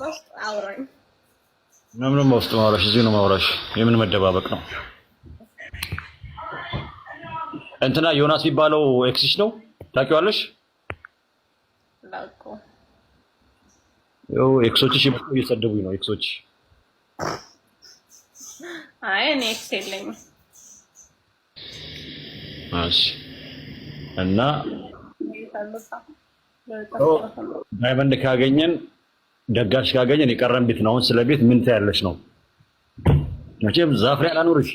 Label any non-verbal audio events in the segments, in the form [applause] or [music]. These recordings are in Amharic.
በውስጥ አውራኝ። ምንም በውስጥ ማውራሽ፣ እዚህ ነው ማውራሽ። የምን መደባበቅ ነው? እንትና ዮናስ የሚባለው ኤክስሽ ነው ታውቂዋለሽ? ላቆ ኤክሶችሽ እየሰደቡኝ ነው ኤክሶች። አይ እኔ ኤክስ የለኝም። እሺ እና ዳይመንድ ካገኘን ደጋፊ ካገኘን የቀረን ቤት ነው። አሁን ስለ ቤት ምን ታያለች ነው? መቼም ዛፍ ላይ አላኖርሽ።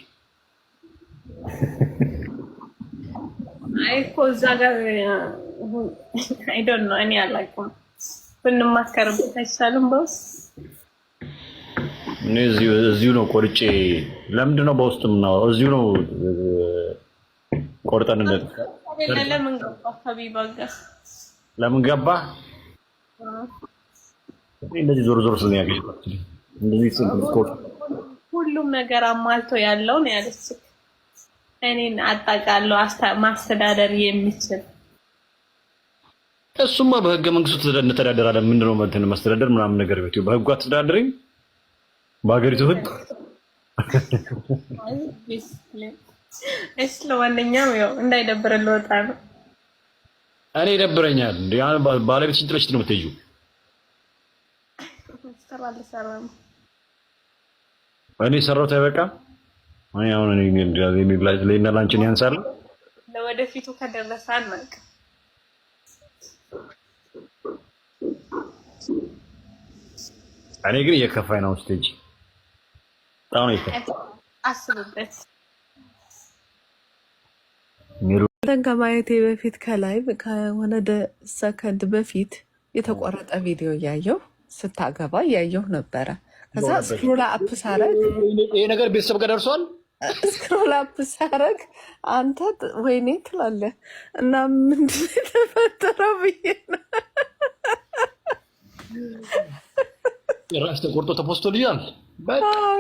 አይ እኮ እዛ ጋር አይ ዶንት ኖ እኔ አላውቅም። ብንማከርበት አይቻልም? በውስጥ እኔ እዚሁ ነው ቆርጬ። ለምንድን ነው በውስጥም ነው እዚሁ ነው ቆርጠን ለምን ገባ ከቢባ ጋር ለምን ገባ እንደዚህ ዞር ዞር ስል ያገኝ እንደዚህ ስል ሁሉም ነገር አሟልቶ ያለው ነው ያለች። እኔን አጣቃለሁ ማስተዳደር የሚችል እሱማ በህገ መንግስቱ እንተዳደራለን። ምንድን ነው እንትን ማስተዳደር ምናምን ነገር ቤት በህጉ አትተዳደሪም በሀገሪቱ ህግ። እሺ ለማንኛውም ያው እንዳይደብረን ልወጣ ነው። እኔ ይደብረኛል። ባለቤት ሽንጥለሽ ነው የምትሄጂው ልሰራ ልሰራ ነው። እኔ ሰራሁት አይበቃም። አይ አሁን እኔ እንደዚህ ላይ ላይ እና ላንቺን ያንሳል። ለወደፊቱ ከደረሰ አንመልክ እኔ ግን እየከፋኝ ነው። ስቴጅ በጣም ነው ይከፋ። አስብበት ሚሩን ከማየቴ በፊት ከላይ ከሆነ ሰከንድ በፊት የተቆረጠ ቪዲዮ እያየው ስታገባ እያየሁ ነበረ። ከዛ ስክሮላ አፕ ሳረግ ይሄ ነገር ቤተሰብ ጋር ደርሷል። ስክሮላ አፕ ሳረግ አንተ ወይኔ ትላለ እና ምንድን የተፈጠረው ብዬ ነው። ጭራሽ ተቆርጦ ተፖስቶልኛል።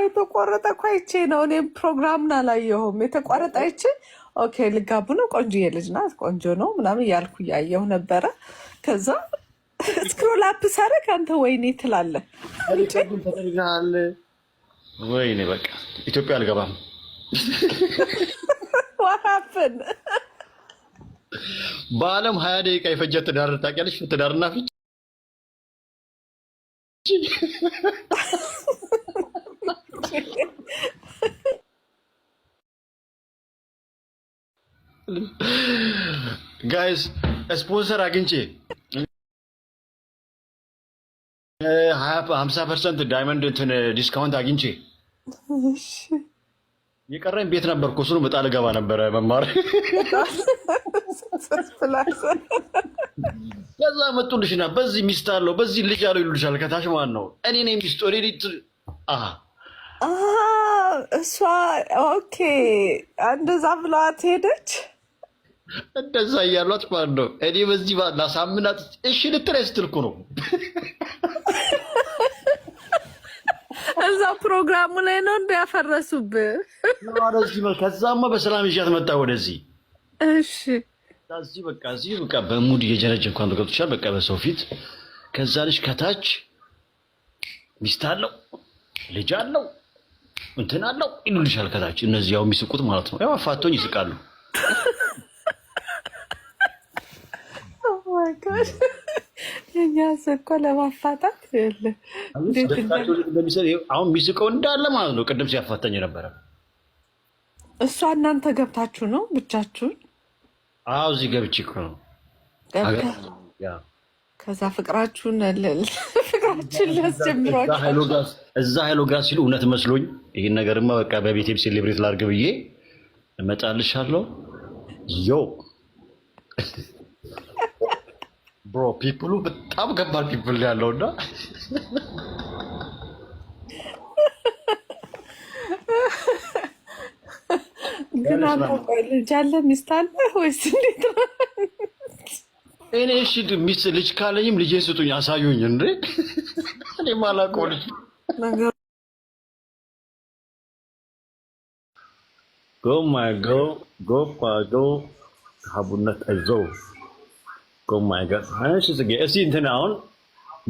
የተቆረጠ እኮ አይቼ ነው። እኔም ፕሮግራምን አላየሁም። የተቋረጠ አይቼ ኦኬ ልጋቡ ነው ቆንጆ የልጅ ናት ቆንጆ ነው ምናምን እያልኩ እያየሁ ነበረ ከዛ ስክሮል አፕ አንተ ወይኔ ትላለህ። ወይኔ በቃ ኢትዮጵያ አልገባም። ዋሀፍን በአለም ሀያ ደቂቃ የፈጀ ትዳር ታውቂያለሽ? ትዳርና ፍች ጋይስ ስፖንሰር አግኝቼ ሀምሳ ፐርሰንት ዳይመንድ እንትን ዲስካውንት አግኝቼ የቀረኝ ቤት ነበር እሱን በጣል ገባ ነበረ መማር ከዛ መጡልሽና በዚህ ሚስት አለው በዚህ ልጅ አለው ይሉልሻል። ከታሽ ማን ነው? እኔ ነኝ ሚስት እኔ እሷ ኦኬ እንደዛ ብለዋት ሄደች። እንደዛ እያሏት ማለት ነው። እኔ በዚህ ላሳምናት እሺ ልትለኝ ስትል ነው። እዛ ፕሮግራሙ ላይ ነው እንዳያፈረሱብህ። ከዛማ በሰላም ይዣት መጣ ወደዚህ። እሺ እዚህ በቃ እዚህ በቃ በሙድ እየጀነጅ እንኳን ገብቶሻል። በቃ በሰው ፊት ከዛ ልጅ ከታች ሚስት አለው ልጅ አለው እንትን አለው ይሉልሻል ከታች። እነዚህ ያው የሚስቁት ማለት ነው። ያው አፋቶኝ ይስቃሉ። ያስቸግር የኛ ስኮ ለማፋታት አሁን ሚስቀው እንዳለ ማለት ነው። ቅድም ሲያፋታኝ ነበረ እሷ። እናንተ ገብታችሁ ነው ብቻችሁን? አዎ እዚህ ገብቼ እኮ ነው። ከዛ ፍቅራችሁን ፍቅራችን ሊያስጀምሯቸው እዛ ሀይሎ ጋር ሲሉ እውነት መስሎኝ ይህን ነገርማ በቃ በቤቴም ሴሌብሬት ላድርግ ብዬ እመጣልሻለሁ ዮ ብሮ ፒፕሉ በጣም ከባድ ፒፕል ያለው እና ግን ልጅ አለ ሚስት አለ ወይስ እንዴት ነው? እኔ እሺ ሚስት ልጅ ካለኝም ልጄ ስጡኝ አሳዩኝ። እንዴ እኔ ማላውቀው ልጅ ጎ ማይ ጎ ሀቡነት እዘው ማይገጽ oh እስኪ እንትን አሁን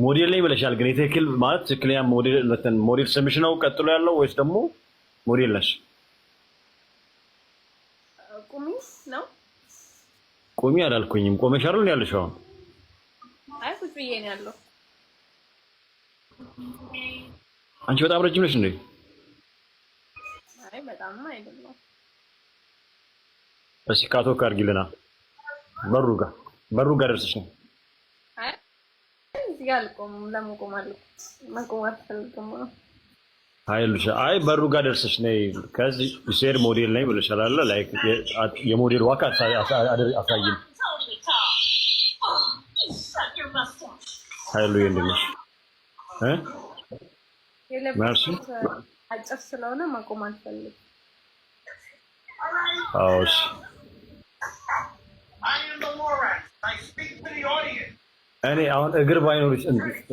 ሞዴል ነኝ ብለሻል፣ ግን የትክክል ማለት ትክክለኛ ሞዴል ስምሽ ነው ቀጥሎ ያለው ወይስ ደግሞ ሞዴል ነሽ? ቁሚ ነው ቁሚ አላልኩኝም። ቆመሽ አይደል ያለሽ? አሁን አይ ቁጭ ብዬ ነው ያለው። አንቺ በጣም ረጅም ነሽ እንዴ? አይ በጣም አይደለም። እስኪ ካቶ አድርጊልና በሩ ጋር በሩ ጋር ደርሰሽ ነው። አይ በሩ ጋር ደርሰሽ ነይ። ከዚህ ሴር ሞዴል ነኝ ብለሻል አለ ላይክ የሞዴል ዋካ አሳይም ሀይሉ እንደነሽ እ አጭር ስለሆነ መቆም አልፈልግም። አዎ እሺ እኔ አሁን እግር ባይኖር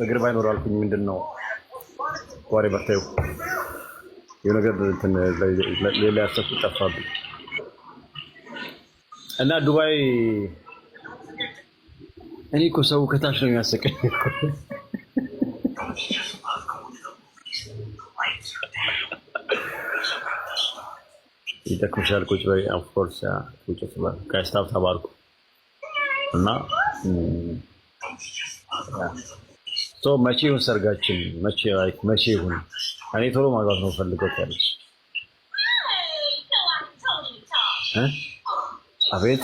እግር ባይኖር አልኩኝ። ምንድን ነው ዋሬ በርታዩ የነገር ሌላ ያሰብኩት ጠፋብኝ እና ዱባይ እኔ እኮ ሰው ከታች ነው የሚያሰቀኝ። ይጠቅምሻል። ቁጭ በይ። ኦፍኮርስ ቁጭ ጋይስታፍ ተባልኩ እና መቼ ይሁን ሰርጋችን? መቼ መቼ ይሁን? እኔ ቶሎ ማግባት ነው ፈልገው ያለች አቤት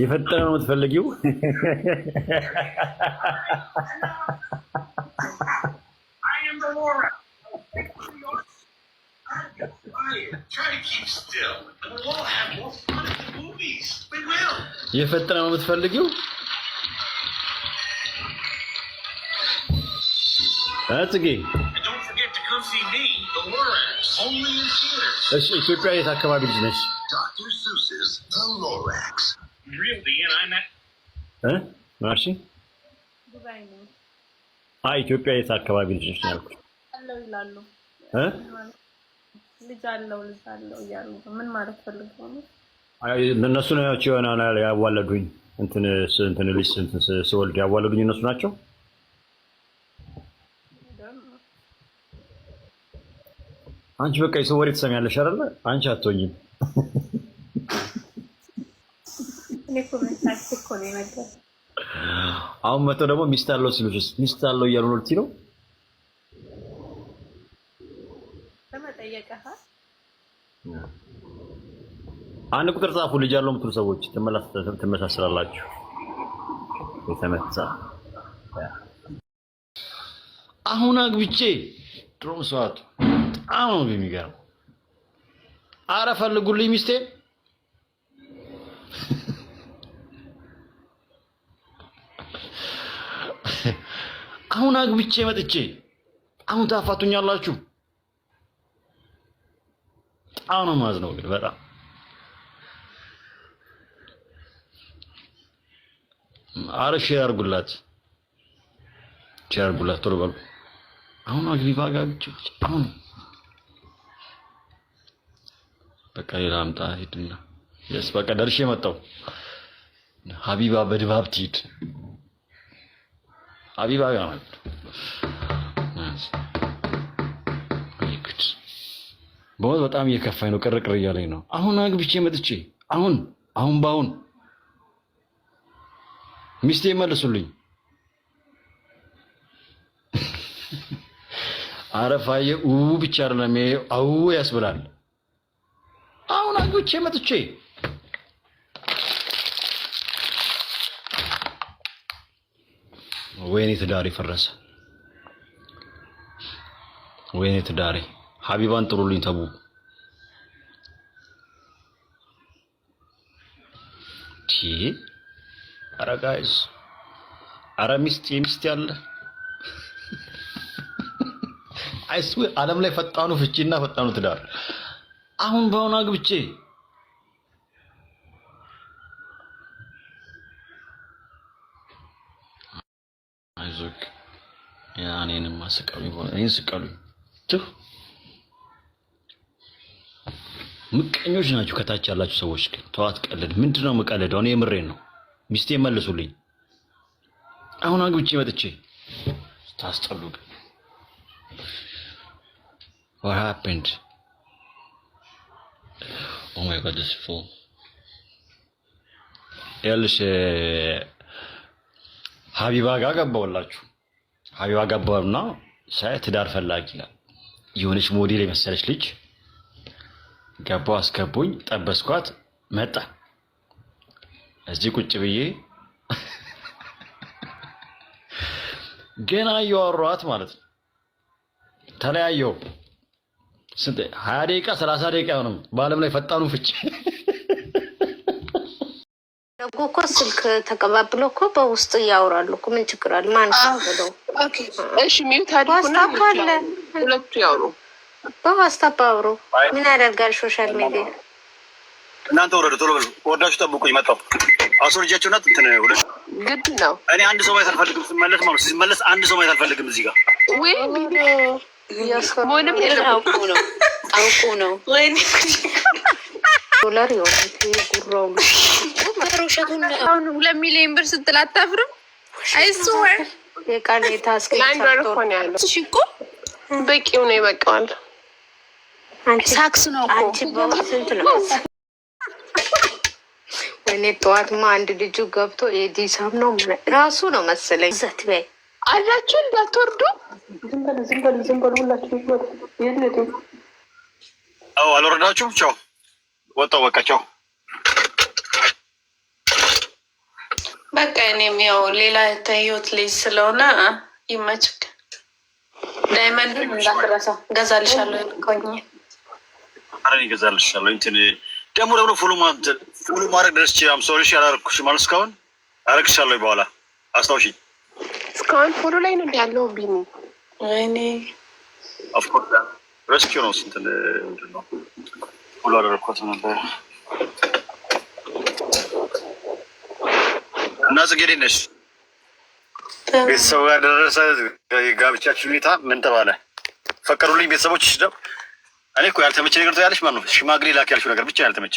የፈጠነ ነው የምትፈልጊው? [laughs] [laughs] Try to keep still. And we'll all have more fun at the movies. We will. You have a time with Ferdigu? That's a game. And don't forget to come see me, the Lorax, only in theaters. That's It's your great thought, come on, Dr. Seuss's The Lorax. Really, and I'm at. Huh? Marcy? Güvenli. Ay, köpeği takılabilirsin. Allah'ın hello. He? ልጅ አለው ልጅ አለው እያሉ ምን ማለት ፈልገው ነው? እነሱ ናቸው ያዋለዱኝ። እንትን እንትን ልጅ እንትን ስወልድ ያዋለዱኝ እነሱ ናቸው። አንቺ በቃ የሰው ወሬ ትሰሚያለሽ አይደለ? አንቺ አትሆኝም። አሁን መተው ደግሞ ሚስት አለው ሲሉስ ሚስት አለው እያሉ ነው። አንድ ቁጥር ጻፉ። ልጅ ያለው ምትሉ ሰዎች ትመሳሰላላችሁ። የተመታ አሁን አግብቼ ድሮ መስዋዕቱ በጣም ነው የሚገርመው። አረ ፈልጉልኝ ሚስቴ አሁን አግብቼ መጥቼ አሁን ታፋቱኛላችሁ። በጣም ነው ማዝነው ግን በጣም አረ ሼር አድርጉላት፣ ሼር አድርጉላት። ቶሎ በሉ። አሁን አግሪባ ጋር አሁን በቃ ሌላ አምጣ ሂድና፣ የስ በቃ ደርሼ መጣሁ። ሀቢባ በድባብ ትሂድ ሀቢባ ጋር ማለት በጣም እየከፋኝ ነው፣ ቅርቅር እያለኝ ነው። አሁን አግብቼ መጥቼ አሁን አሁን በአሁን ሚስቴ መልሱልኝ። አረፋዬ ኡ ብቻ አይደለም አው ያስብላል። አሁን አግብቼ መጥቼ ወይኔ ትዳሬ ፈረሰ። ወይኔ ትዳሬ። ሀቢባን ጥሩልኝ ተቡ ቲ አረ ጋይስ፣ አረ ሚስት የሚስት ያለ አይስ ዓለም ላይ ፈጣኑ ፍቺ እና ፈጣኑ ትዳር አሁን በአሁኑ አግብቼ አይዞክ ያ እኔንማ ስቀሉኝ እኔን ስቀሉኝ ትፍ ምቀኞች ናቸው ከታች ያላችሁ ሰዎች ግን ተዋት ቀልድ ምንድነው የምቀልደው እኔ የምሬን ነው ሚስቴ መልሱልኝ። አሁን አግብቼ መጥቼ ታስጠሉ። What happened? Oh my God, this fool. ይኸውልሽ ሀቢባ ጋር ገባሁላችሁ። ሀቢባ ገባሁና ሳይ ትዳር ፈላጊ ይላል። የሆነች ሞዴል የመሰለች ልጅ ገባሁ፣ አስገቡኝ፣ ጠበስኳት፣ መጣ እዚህ ቁጭ ብዬ ገና እያወሯት ማለት ነው። ተለያየው ሀያ ደቂቃ ሰላሳ ደቂቃ አይሆንም። በአለም ላይ ፈጣኑ ፍቺ ያደረጉ እኮ ስልክ ተቀባብሎ እኮ በውስጥ እያወራሉ እኮ ምን ችግር አለ? ማን እሺ፣ ሚዩት አድርጉና ሁለቱ ያውሩ፣ በዋትስአፕ አውሩ። ምን ያደርጋል ሶሻል ሚዲያ። እናንተ ወረዱ፣ ቶሎ በሉ፣ ወርዳችሁ ጠብቁኝ፣ መጣሁ። አሶ ልጃቸው ናት። እንትን ሁለት ግድ ነው። እኔ አንድ ሰው ማየት አልፈልግም። ስመለስ ማለት ስመለስ አንድ ሰው ማየት አልፈልግም። እዚህ ጋር ሆንም አውቁ ነው አውቁ ነው ዶላር ይሆናል ሁለት ሚሊዮን ብር ስትል አታፍርም? አይሱ የቃሌታ ስክሪን ያለው ሽቁ በቂው ነው ይበቃዋል። ሳክስ ነው እኮ እኔ ጠዋትማ አንድ ልጁ ገብቶ ኤዲ የዲሳም ነው ራሱ ነው መሰለኝ ዘት በይ አላችሁ እንዳትወርዱ። ዝም በል ዝም አልወረዳችሁም። ቻው ወጣው በቃ ቻው በቃ እኔም ያው ሌላ ተህይወት ልጅ ስለሆነ ይመች ዳይመንድ እንዳትረሳ ገዛልሻለሁ። ኮኝ አረ ገዛልሻለሁ እንትን ደግሞ ደግሞ ፉሉ ማድረግ ደረስ ችላም ሰው ልሽ ያላረኩሽ ማለት እስካሁን አረግሻለሁ። በኋላ አስታውሽኝ። እስካሁን ፉሉ ላይ ነው ያለው ቢኒ እኔ ኦፍኮርስ ረስኪ ነው ስንት ምንድን ነው ፎሎ አደረግኳት ነበር እና ጽጌ ነሽ? ቤተሰቡ ጋር ደረሰ። የጋብቻችን ሁኔታ ምን ተባለ? ፈቀዱልኝ ቤተሰቦች ነው እኔ እኮ ያልተመቸ ነገር ታያለሽ። ማን ነው ሽማግሌ ላክ ያልሽው ነገር ብቻ ያልተመቸ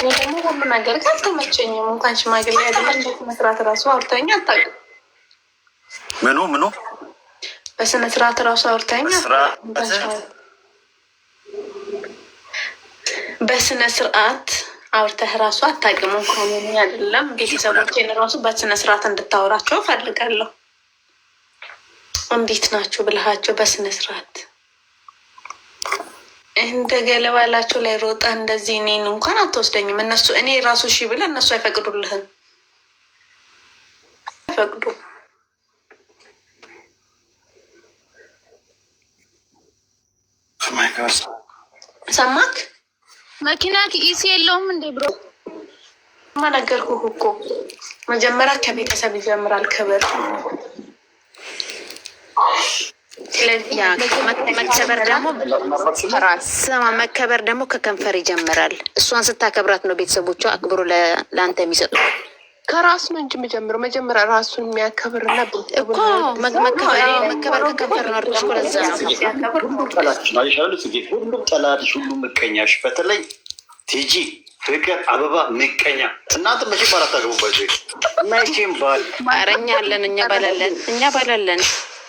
ደግሞ ሁሉ ነገር ካልተመቸኝም እንኳን ሽማግሌ ያለበት መስራት ራሱ አውርተኛ አታውቅም። ምኑ ምኑ በስነ ስርዓት ራሱ አውርተኛ በስነ ስርዓት አውርተህ ራሱ አታውቅም። እንኳን የሚ አይደለም ቤተሰቦቼን ራሱ በስነ ስርዓት እንድታወራቸው ፈልጋለሁ። እንዴት ናችሁ ብልሃቸው በስነ ስርዓት እንደ ገለባላቸው ላይ ሮጣ እንደዚህ እኔን እንኳን አትወስደኝም። እነሱ እኔ ራሱ ሺ ብለ እነሱ አይፈቅዱልህም፣ አይፈቅዱ ሰማክ መኪና ኪስ የለውም እንዴ ብሮ ማነገርኩ እኮ መጀመሪያ ከቤተሰብ ይጀምራል ክብር ስማ መከበር ደግሞ ከከንፈር ይጀምራል። እሷን ስታከብራት ነው ቤተሰቦቿ አክብሮ ለአንተ የሚሰጡ። ከራሱ ነው እንጂ መጀመሪያ መጀመሪያ ራሱን የሚያከብር እና እኮ መከበር ከከንፈር ነው። አድርገሽ ሁሉም ጠላትሽ፣ ሁሉም ምቀኛሽ፣ በተለይ ቲጂ ፍቅር አበባ ምቀኛ። እናንተ መቼም ባል አታገቡባቸው እና ይቼም ባል ማረኛ አለን እኛ ባላለን እኛ ባላለን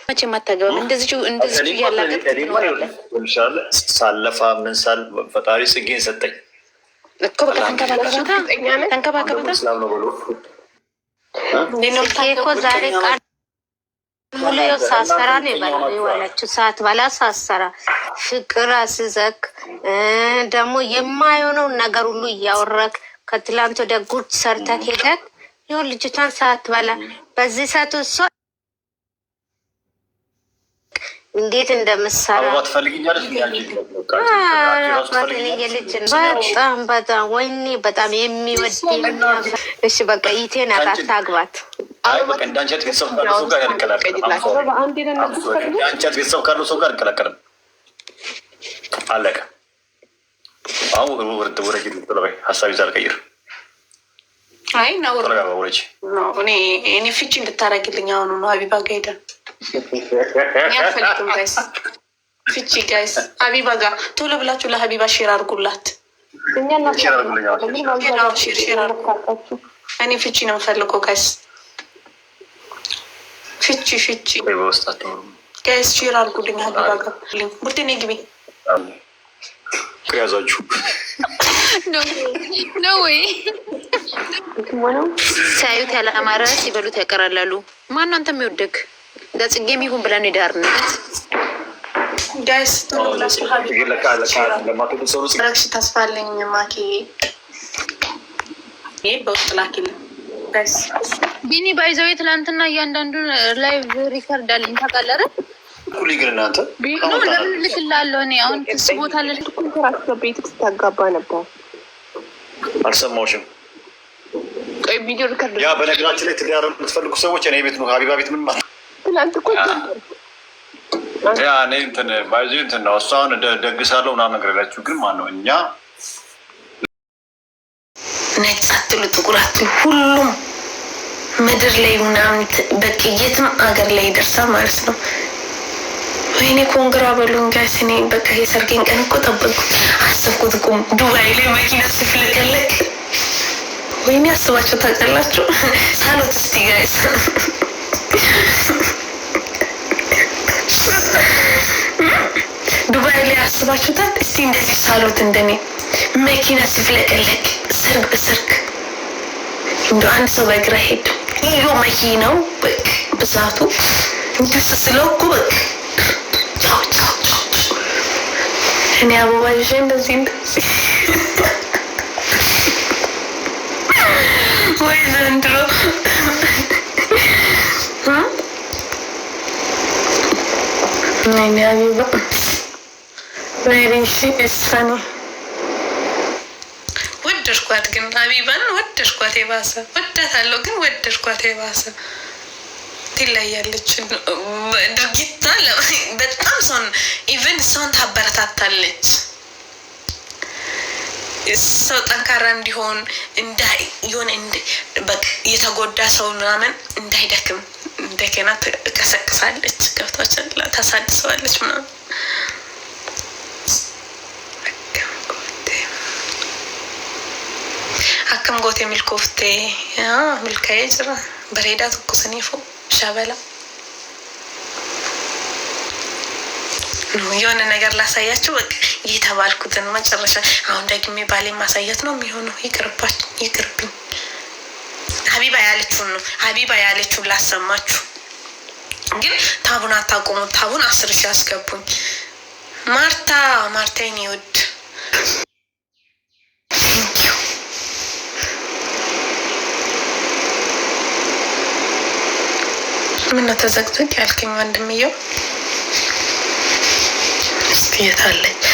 መቼ ማታገባም እንደዚህ እንደዚህ ያላገጥሻለ ሳለፋ ምን ሳል ፈጣሪ ጽጌን ሰጠኝ እኮ በቃ ተንከባከበታተንከባከበታኮ ዛሬ ቃል ሙሉ ው ሳሰራ ነው የዋለችው ሰዓት ባላ ሳሰራ ፍቅር አስዘክ ደግሞ የማይሆነውን ነገር ሁሉ እያወረክ ከትላንት ወደ ጉድ ሰርተት ሄደት ይሁን ልጅቷን ሰዓት ባላ በዚህ ሰዓት እሷ እንዴት እንደምሰራ በጣም በጣም ወይኔ በጣም የሚወድ እሺ፣ በቃ ይቴን አታግባት። እንዳንቸት ቤተሰብ ካለው ሰው ጋር አልቀላቀልም። አለቀ። አሁን ውርድ ውረጅ ሀሳብ ይዛ አልቀይር አይ እኔ ፍቺ እንድታረግልኝ አሁኑ ነው። ሀቢባ ጋ ሄደን ያፈልግም ጋይስ፣ ፍቺ ጋይስ፣ ሀቢባ ጋ ቶሎ ብላችሁ ለሀቢባ ሼር አድርጉላት። እኔ ፍቺ ነው የምፈልገው ጋይስ፣ ፍቺ ፍቺ ጋይስ፣ ሼር አድርጉልኝ። ሀቢባ ጋ ቡድኔ ግቢ ከያዛችሁ ነው ወይ ሲያዩት ያላማረ ሲበሉት ያቀራላሉ። ማነው አንተ የሚወደግ ለጽጌ የሚሆን ብለን የዳርነት ጋይስ ተስፋለኝ ማኪ በውስጥ ላኪልኝ። ቢኒ ባይዘዌ ትላንትና እያንዳንዱን ላይቭ ሪከርድ አለኝ ታውቃለህ አይደል? ሁሉ ግን እናንተ ልክላለሁ። እኔ አሁን ስ ቦታ ልልኩ ስታጋባ ነበር አልሰማሁሽም ወይም ቪዲዮ ሪከርድ ያ በነገራችን ላይ ትዳር የምትፈልጉ ሰዎች እኔ ቤት ነው ሀቢባ ቤት ምን ማለት ትናንት እኮ ያ እኔ እንትን ባይዚ እንትን ነው እሱ አሁን ደግሳለሁ ምናምን ነገር ግን ማን ነው እኛ ነጭ አትሉ ጥቁር አትሉ ሁሉም ምድር ላይ ምናምን በቅየትም አገር ላይ ደርሳ ማለት ነው። ወይኔ ኮንግራ በሉኝ ጋይስ። እኔ በቃ የሰርጌን ቀን እኮ ጠበቅኩት አሰብኩት እኮ ዱባይ ላይ መኪና ሲፍለቀለቅ ወይም ያስባቸው ታውቃላችሁ። ሳሎት እስቲ ጋይስ ዱባይ ላይ ያስባችሁታል። እስቲ እንደዚህ ሳሎት እንደኔ መኪና ሲፍለቀለቅ ሰርግ በሰርግ እንደ አንድ ሰው በእግራ ሄድ ይዮ መኪናው በቅ ብዛቱ እንዲስ ስለው እኮ በቅ እኔ አበባ ይዤ እንደዚህ እንደዚህ ወይ ዘንድሮ ወደድኳት፣ ግን አቢባን ወደድኳት የባሰ ወዳታለሁ፣ ግን ወደድኳት የባሰ ትለያለች። ድርጊቷ በጣም ሰውን ኢቨን ሰውን ታበረታታለች። ሰው ጠንካራ እንዲሆን የሆነ የተጎዳ ሰው ምናምን እንዳይደክም እንደገና ትቀሰቅሳለች፣ ገብታች ታሳድሰዋለች ምናምን አክም ጎቴ ሚልኮፍቴ ሚልካዬ ጅራ በሬዳ ትኩስኔፎ ሻበላ የሆነ ነገር ላሳያቸው በቃ የተባልኩትን መጨረሻ አሁን ደግሜ ባሌ ማሳየት ነው የሚሆነው። ይቅርባች ይቅርብኝ። ሀቢባ ያለችውን ነው ሀቢባ ያለችውን ላሰማችሁ። ግን ታቡን አታቆሙ። ታቡን አስር ሺ አስገቡኝ። ማርታ ማርታይን ይወድ ምን ነው ተዘግቶት ያልከኝ ወንድምየው ሚስቱ የት አለች?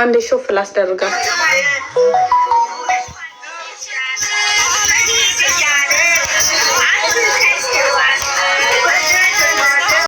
አንድ ሾፍ ላስደርጋችሁ